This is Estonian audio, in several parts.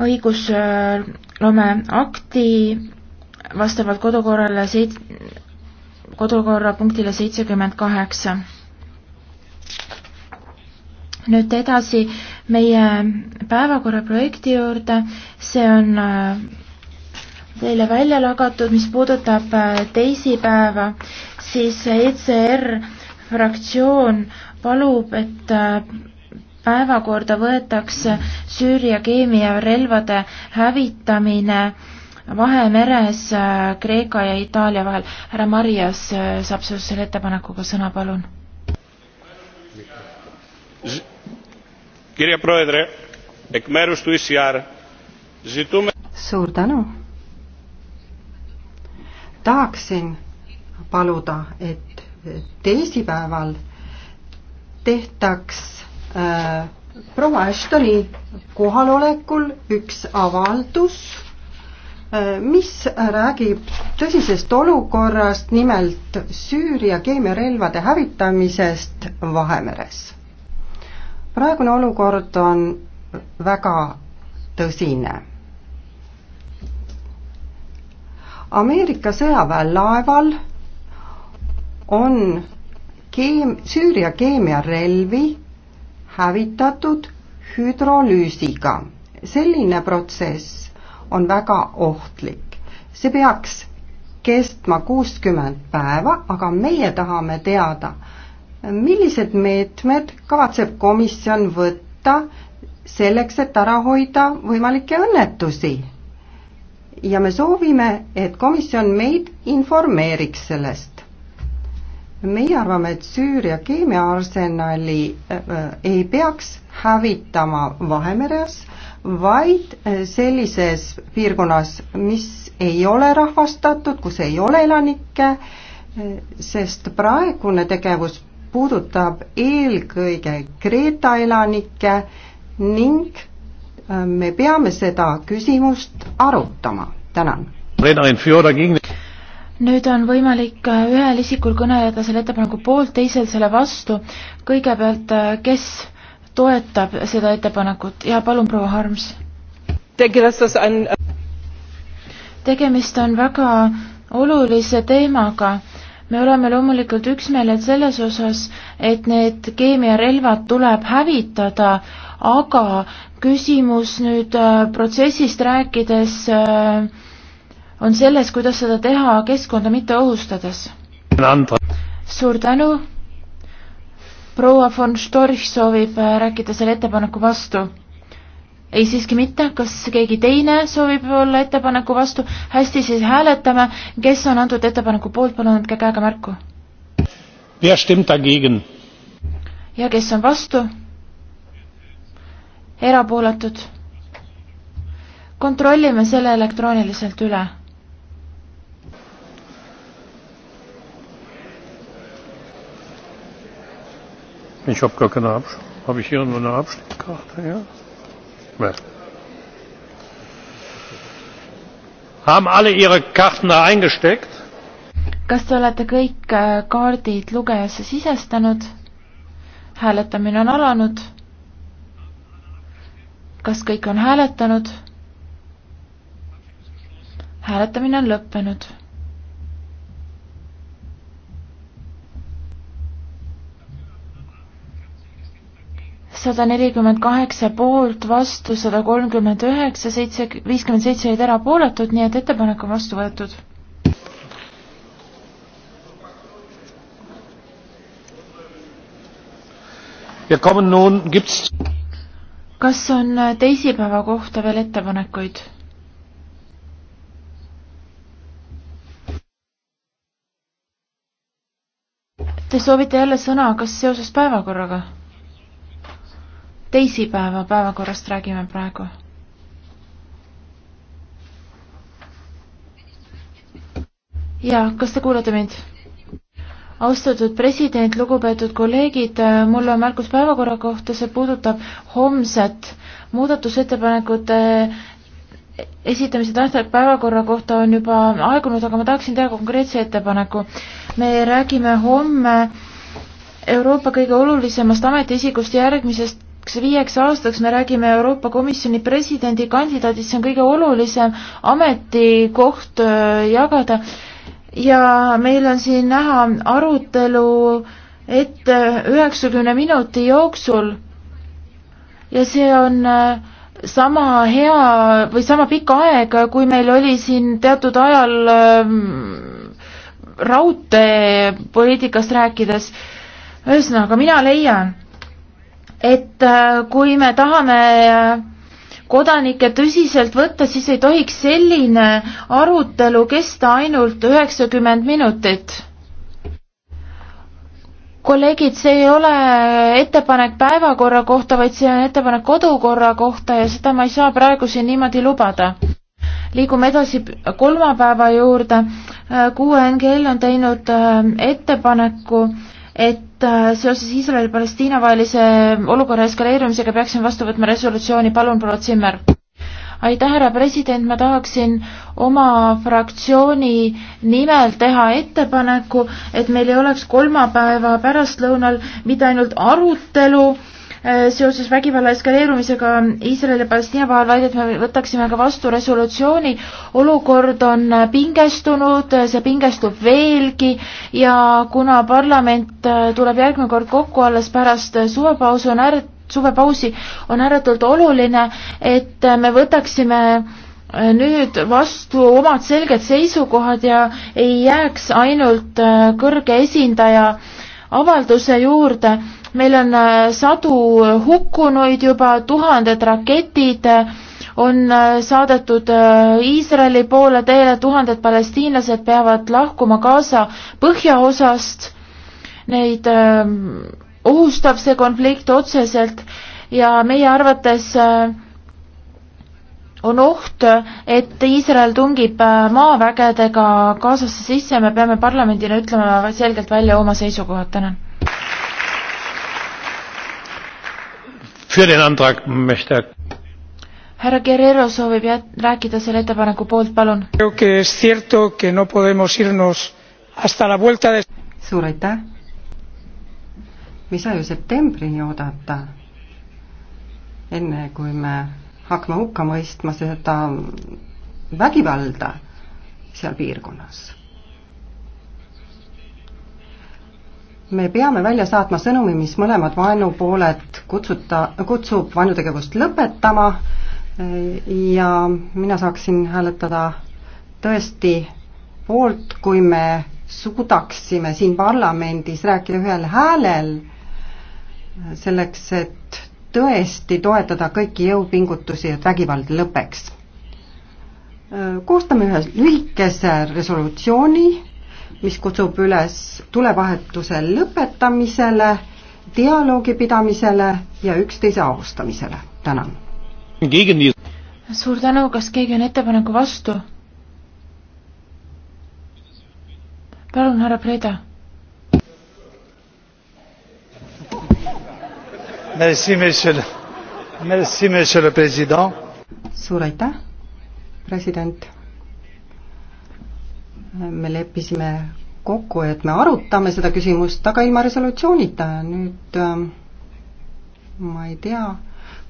õigusloome akti vastavalt kodukorrale seit-, kodukorra punktile seitsekümmend kaheksa. nüüd edasi meie päevakorra projekti juurde, see on äh, teile välja lagatud, mis puudutab äh, teisipäeva, siis ECR fraktsioon palub, et äh, päevakorda võetakse Süüria keemiarelvade hävitamine Vahemeres äh, Kreeka ja Itaalia vahel. härra Marias äh, saab seoses selle ettepanekuga sõna, palun. suur tänu. tahaksin paluda, et teisipäeval tehtaks Äh, proua Ashtoni kohalolekul üks avaldus, äh, mis räägib tõsisest olukorrast, nimelt Süüria keemiarelvade hävitamisest Vahemeres. praegune olukord on väga tõsine. Ameerika sõjaväelaeval on keem-, Süüria keemiarelvi hävitatud hüdrolüüsiga. selline protsess on väga ohtlik. see peaks kestma kuuskümmend päeva, aga meie tahame teada, millised meetmed kavatseb komisjon võtta selleks, et ära hoida võimalikke õnnetusi. ja me soovime, et komisjon meid informeeriks sellest meie arvame, et Süüria keemiaarsenali äh, äh, ei peaks hävitama Vahemeres, vaid äh, sellises piirkonnas, mis ei ole rahvastatud, kus ei ole elanikke, sest praegune tegevus puudutab eelkõige Kreeta elanikke ning me peame seda küsimust arutama. tänan nüüd on võimalik äh, ühel isikul kõneleda selle ettepaneku poolt, teisel selle vastu. kõigepealt, äh, kes toetab seda ettepanekut ja palun, proua Harms. Äh, tegemist on väga olulise teemaga. me oleme loomulikult üksmeelel selles osas, et need keemiarelvad tuleb hävitada, aga küsimus nüüd äh, protsessist rääkides äh, on selles, kuidas seda teha keskkonda mitte ohustades. suur tänu. proua von Storch soovib äh, rääkida selle ettepaneku vastu. ei, siiski mitte, kas keegi teine soovib olla ettepaneku vastu? hästi, siis hääletame, kes on antud ettepaneku poolt, palun andke käega märku. ja kes on vastu? erapooletud kontrollime selle elektrooniliselt üle Ich habe gar keine Abstimmung. Habe ich hier nur eine Abstimmkarte? Ja? Nee. Haben alle ihre Karten da eingesteckt? kas te olete kõik äh, kaardid lugejasse sisestanud? hääletamine on alanud. kas kõik on hääletanud? hääletamine on lõppenud sada nelikümmend kaheksa poolt, vastu sada kolmkümmend üheksa, seitse, viiskümmend seitse olid erapooletud, nii et ettepanek on vastu võetud. kas on teisipäeva kohta veel ettepanekuid? Te soovite jälle sõna, kas seoses päevakorraga? teisipäeva päevakorrast räägime praegu. ja kas te kuulete mind? austatud president, lugupeetud kolleegid, mul on märkus päevakorra kohta, see puudutab homset muudatusettepanekute esitamise tähtaeg päevakorra kohta on juba aegunud, aga ma tahaksin teha konkreetse ettepaneku. me räägime homme Euroopa kõige olulisemast ametiisikust järgmisest järgmiseks viieks aastaks me räägime Euroopa Komisjoni presidendi kandidaadist, see on kõige olulisem ametikoht äh, jagada ja meil on siin näha arutelu ette äh, üheksakümne minuti jooksul ja see on äh, sama hea või sama pikk aeg, kui meil oli siin teatud ajal ähm, raudteepoliitikast rääkides. ühesõnaga, mina leian, et äh, kui me tahame äh, kodanikke tõsiselt võtta, siis ei tohiks selline arutelu kesta ainult üheksakümmend minutit. kolleegid, see ei ole ettepanek päevakorra kohta, vaid see on ettepanek kodukorra kohta ja seda ma ei saa praegu siin niimoodi lubada. liigume edasi kolmapäeva juurde. QNGL äh, on teinud ettepaneku äh, et äh, seoses Iisraeli-Palestiina vahelise olukorra eskaleerumisega peaksime vastu võtma resolutsiooni, palun, proua Zimmer. aitäh, härra president, ma tahaksin oma fraktsiooni nimel teha ettepaneku, et meil ei oleks kolmapäeva pärastlõunal mitte ainult arutelu, Äh, seoses vägivalla eskaleerumisega Iisraeli ja Palestiina vahel, vaid et me võtaksime ka vastu resolutsiooni. olukord on äh, pingestunud, äh, see pingestub veelgi ja kuna parlament tuleb järgmine kord kokku alles pärast suvepausi, on ääret-, suvepausi, on ääretult oluline, et me võtaksime nüüd vastu omad selged seisukohad ja ei jääks ainult kõrge esindaja avalduse juurde meil on äh, sadu hukkunuid juba, tuhanded raketid äh, on äh, saadetud Iisraeli poole teele, tuhanded palestiinlased peavad lahkuma Gaza põhjaosast. Neid ohustab see konflikt otseselt ja meie arvates on oht, et Iisrael tungib maavägedega Gazasse sisse ja me peame parlamendina ütlema selgelt välja oma seisukohad, tänan Für den Antrag möchte er härra Guerrero soovib jät-, rääkida selle ettepaneku poolt, palun. suur aitäh. me ei saa ju septembrini oodata, enne kui me hakkame hukka mõistma seda vägivalda seal piirkonnas me peame välja saatma sõnumi, mis mõlemad vaenupooled kutsuta, kutsub vaenutegevust lõpetama ja mina saaksin hääletada tõesti poolt, kui me suudaksime siin parlamendis rääkida ühel häälel selleks, et tõesti toetada kõiki jõupingutusi, et vägivald lõpeks. koostame ühe lühikese resolutsiooni mis kutsub üles tulevahetuse lõpetamisele, dialoogi pidamisele ja üksteise austamisele. tänan. suur tänu, kas keegi on ettepaneku vastu? palun, härra Preda. Merci, monsieur, merci, monsieur le president. suur aitäh, president me leppisime kokku, et me arutame seda küsimust, aga ilma resolutsioonita, nüüd ähm, ma ei tea,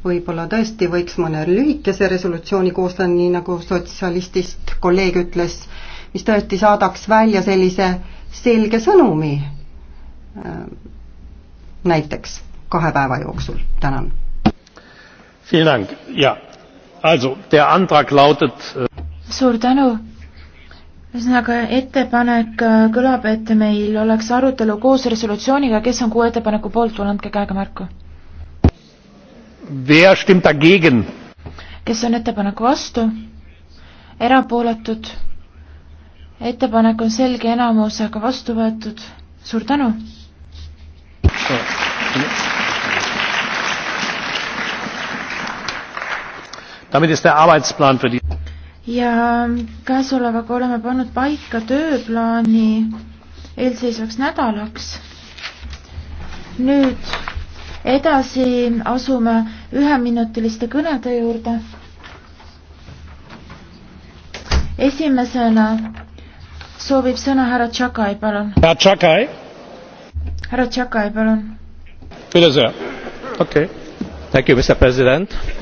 võib-olla tõesti võiks mõne lühikese resolutsiooni koostada, nii nagu sotsialistist kolleeg ütles, mis tõesti saadaks välja sellise selge sõnumi äh, näiteks kahe päeva jooksul, tänan. Äh, suur tänu ühesõnaga, ettepanek äh, kõlab, et meil oleks arutelu koos resolutsiooniga, kes on kuue ettepaneku poolt, palun andke käega märku. kes on ettepaneku vastu? erapooletud? ettepanek on selge enamusega vastu võetud, suur tänu! damit ist der arbeitsplan für die ja käesolevaga oleme pannud paika tööplaani eelseisvaks nädalaks. nüüd edasi asume üheminutiliste kõnede juurde. esimesena soovib sõna härra Tšakai, palun. härra Tšakai? härra Tšakai, palun. kuidas see? okei okay.. Thank you, Mr President